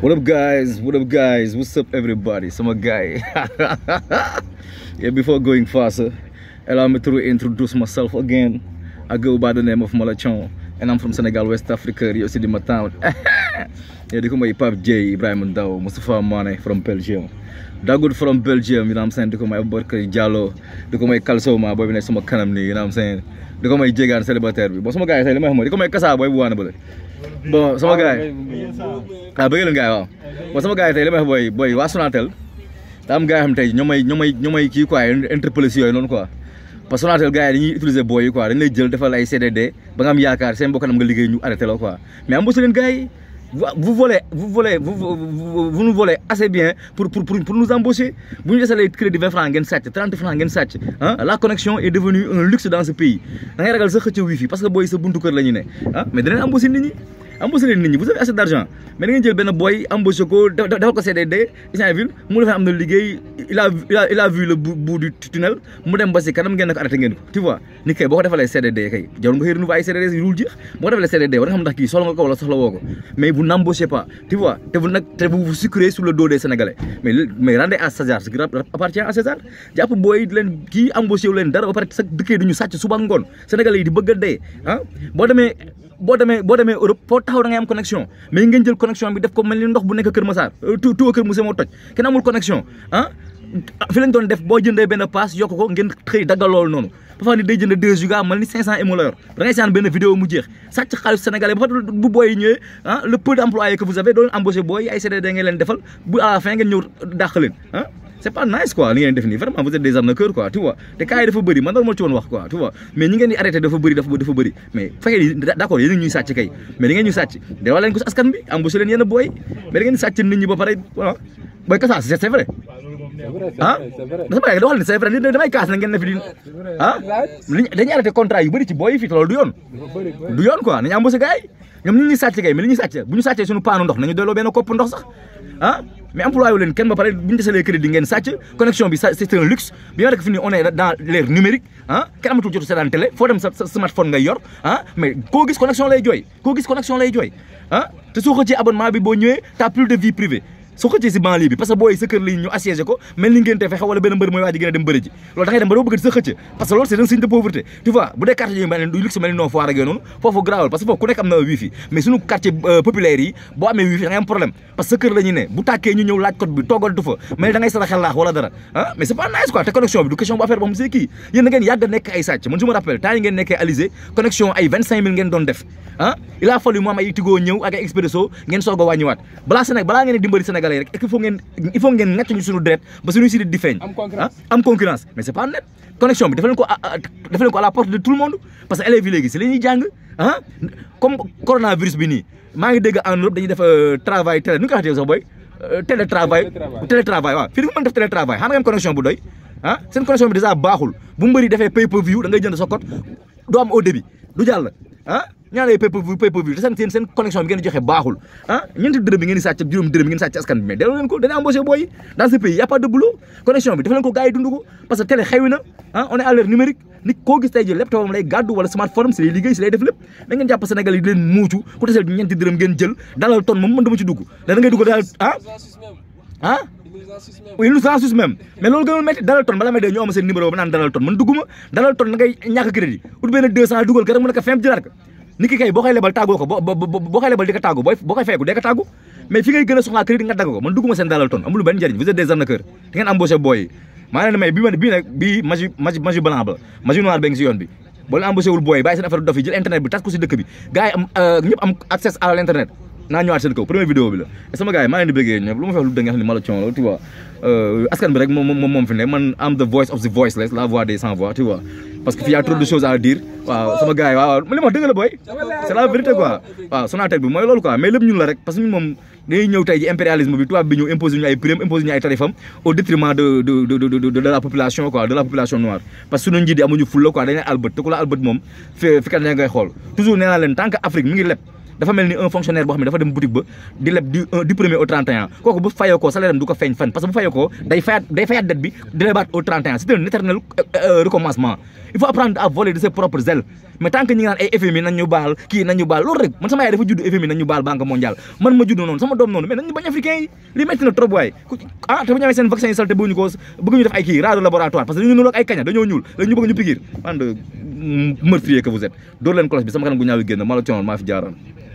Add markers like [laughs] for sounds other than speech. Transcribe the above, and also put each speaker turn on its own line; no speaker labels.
what up guys what up guys what's up everybody sama guy [laughs] yeah before going faster allow me to introduce myself again i go by the name of malachon and i'm from senegal west africa rio city my town [laughs] yeah they call my pap j ibrahim ndao mustafa mane from belgium That good from Belgium, you know what I'm saying? Duko my Borka Jallo, duko my Kalso my boy bi nek sama kanam you know what I'm saying? Duko my celebrity. Jegan célibataire bi. Bo sama gaay say limay xamal, duko my Kassa boy bu wana bële. bon sama ah, gars yi ah bëgg leen gars yi waaw eh, bon sama gars booy booy waa Sonatel daa am gars yi xam tey kii quoi interpellé si yooyu noonu quoi parce que Sonatel gars yi dañuy utiliser booy yi quoi dañ lay jël ba nga am yaakaar seen mbokk nam nga liggéey ñu arrêté la quoi mais am bosa leen gars vous volez, vous volez, vous, vous, vous, nous volez assez bien pour, pour, pour, pour nous embaucher. Vous nous laissez les crédits 20 francs, 30 francs, hein? La connexion est devenue un luxe dans ce pays. Vous avez le wifi parce que vous avez un bon Mais vous avez embaucher les gens. Vous avez assez d'argent. mais da ngeen jël benn boy embauché ko dafa ko CDD isaan ville mu defee am na liggéey il a il a tunnel mu dem ba si kanam ngeen ne ko arrêté ngeen ko tu vois ni kay boo ko defalee CDD kay jarul nga xëy renouveler ay CDD yi dul jeex boo ko defalee CDD war nga xam ndax kii nga ko wala soxla woo ko mais vous n'embauchez pas tu vois te vous nag te vous vous sucrez sur le dos des Sénégalais mais mais rendez à César booy di kii embauché wu dara ba pare sax dëkkee boo demee boo demee Europe foo taxaw da ngay am connexion mais ngeen jël connexion bi def ndox bu nekk Kër Massar euh, tout tout Kër Moussa moo toj kenn amul connexion ah. fi doon def boo jëndee benn paas yokk ko ngeen xëy daggal loolu noonu dafa ni day jënd 2 giga mel ni 500 emo la yor da ngay saan benn vidéo mu jeex sàcc xaalis sénégalais ba fa bu booy ñëwee ah le peu d' employés que vous avez booy ay CDD ngeen defal bu à c'est pas nice quoi li ngay def ni vraiment vous êtes des arnaqueurs quoi tu vois te kay dafa bëri man dama ma ci won wax quoi tu vois mais ñi ngeen di arrêté dafa bëri dafa dafa bëri mais fa d' d'accord yeen ñuy satch kay mais li ngay ñu sàcc delloo leen ko askan bi bu seen yeen boy mais da ngeen di sàcc nit ñi ba pare voilà boy kassa c'est vrai est vrai di ah dañuy arrêté contrat yu bëri ci booy fii te loolu du yoon du yoon quoi nañu embauché gars yi ñoom ñi ñuy sàcc kay mais li ñuy sàcc ah mais employé wu leen kenn ba pare bu ñu desalee crédit ngeen bi c'est un bi nga nekk fi ni on est dans l'ère numérique ah kenn amatul jotu seetaan foo dem sa smartphone ngay yor ah mais koo gis connexion lay jooy koo gis connexion lay jooy ah, bi boo ñëwee t'as plus de vie privée soo xëccee si banlieue bi parce que booy sa kër ñu assiégé ko mel ni ngeen te fexe wala benn mbër mooy waa dem bëri ji loolu dem ba doo bëgg sa xëcc parce euh, ñu ne bu tàkkee ñu ñëw laaj code bi toogal du fa mel ni da ngay sara dara ah mais c'est pas nice te connexion bi du bu affaire boo xam c'est kii yéen da ngeen yàgg nekk ay sàcc man je me rappelle temps yi ngeen nekkee Alizé connexion ay vingt cinq mille ngeen doon def ah il a mu am sénégalais yi rek il faut ngeen il faut ngeen ngatchu ñu suñu deret ba suñu sidit di feeñ ah, am concurrence mais c'est pas net connexion bi dafa ko dafa ko à la porte de tout le monde parce que élèves yi léegi si la ñuy jàng ah, comme coronavirus bi ni ma ngi dégg en Europe dañuy def euh, travail télé nu ko waxee sax booy euh, télétravail télétravail wa fi dafa mën def télétravail xam nga connexion bu doy ah seen connexion bi déjà baaxul bu mbëri defee pay per view da ngay jënd sa code do am au début du jall ah ñaanee pay per view pay per view te seen bi ngeen joxe baaxul ah ñeenti dërëm bi ngeen di sàcc ak ko dañu embauché booyi dans ce pays y a pas de boulot connexion bi ah, lay gàddu wala smartphone si lay liggéey si lay def lépp da ngeen jàpp Sénégal yi di leen ku tesel ñeenti dërëm ngeen jël dalal ton moom mën dama ci dugg da ngay dugg daal ah ah il nous en sus même mais loolu gënoon métti dalal ton bala may dee ñu am seen numéro ba naan dalal ton man dugguma dalal nit ki kay boo koy lebal tàggoo ko boo koy lebal di ko tàggu boo koy feeku dee ko tàggu mais fi ngay gën a soxlaa crédit nga dagg ko man dugguma seen dalal ton amul benn njëriñ vous êtes des arnaqueurs di ngeen embauché booy maa leen may bi man bii nag bii magi magi magi blanc la magi noir bee ngi si yoon bi boo leen embauché wul booy bàyyi seen affaire dof yi jël internet bi tas ko si dëkk bi gars yi am euh, ñëpp am accès à l' internet naa ñëwaat seen kaw première vidéo bi la et maa leen di bëggee ñëpp lu ma fi la tu vois euh, askan bi fi la voix des sans ma wax dëgg la rek parce que ñun moom dañuy ñëw ji impérialisme bi tubaab bi ñëw imposé ñu ay prime imposé ñu ay tarifam au détriment de de la population quoi de la population noire parce que suñu njiit yi amuñu fulla quoi dañuy albët te ku la albët moom fi fi kat ngay xool toujours nee naa leen tant que Afrique mi ngi dafa mel ni un fonctionnaire boo xam dafa dem boutique ba di premier au 31 kooku bu fayoo koo salaire am du feeñ fan parce bu fayoo koo day fayaat day bi di au 31 c'est un éternel euh, euh, euh, recommencement il faut apprendre à voler de ses propres ailes mais tant que ñi ngi naan ay FMI baal kii nañ baal loolu rek man sama yaay dafa judd FMI nañ ñu baal banque mondiale man ma judd noonu sama doom noonu mais nañ bañ africain yi li metti na trop waay ah bu ñu amee seen vaccin